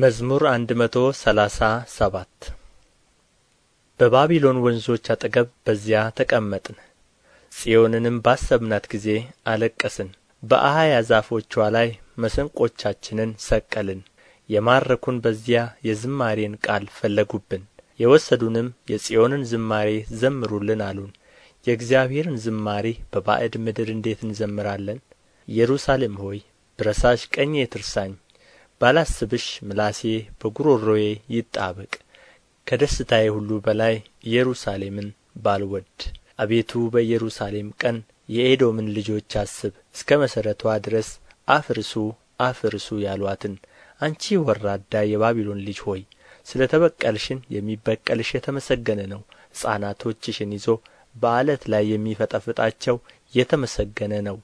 መዝሙር መቶ ሰላሳ ሰባት በባቢሎን ወንዞች አጠገብ በዚያ ተቀመጥን፣ ጽዮንንም ባሰብናት ጊዜ አለቀስን። በአህያ ዛፎቿ ላይ መሰንቆቻችንን ሰቀልን። የማረኩን በዚያ የዝማሬን ቃል ፈለጉብን፣ የወሰዱንም የጽዮንን ዝማሬ ዘምሩልን አሉን። የእግዚአብሔርን ዝማሬ በባዕድ ምድር እንዴት እንዘምራለን? ኢየሩሳሌም ሆይ ብረሳሽ ቀኜ ትርሳኝ ባላስብሽ ምላሴ በጉሮሮዬ ይጣበቅ ከደስታዬ ሁሉ በላይ ኢየሩሳሌምን ባልወድ። አቤቱ በኢየሩሳሌም ቀን የኤዶምን ልጆች አስብ እስከ መሠረቷ ድረስ አፍርሱ አፍርሱ ያሏትን። አንቺ ወራዳ የባቢሎን ልጅ ሆይ ስለ ተበቀልሽን የሚበቀልሽ የተመሰገነ ነው ሕፃናቶችሽን ይዞ በዓለት ላይ የሚፈጠፍጣቸው የተመሰገነ ነው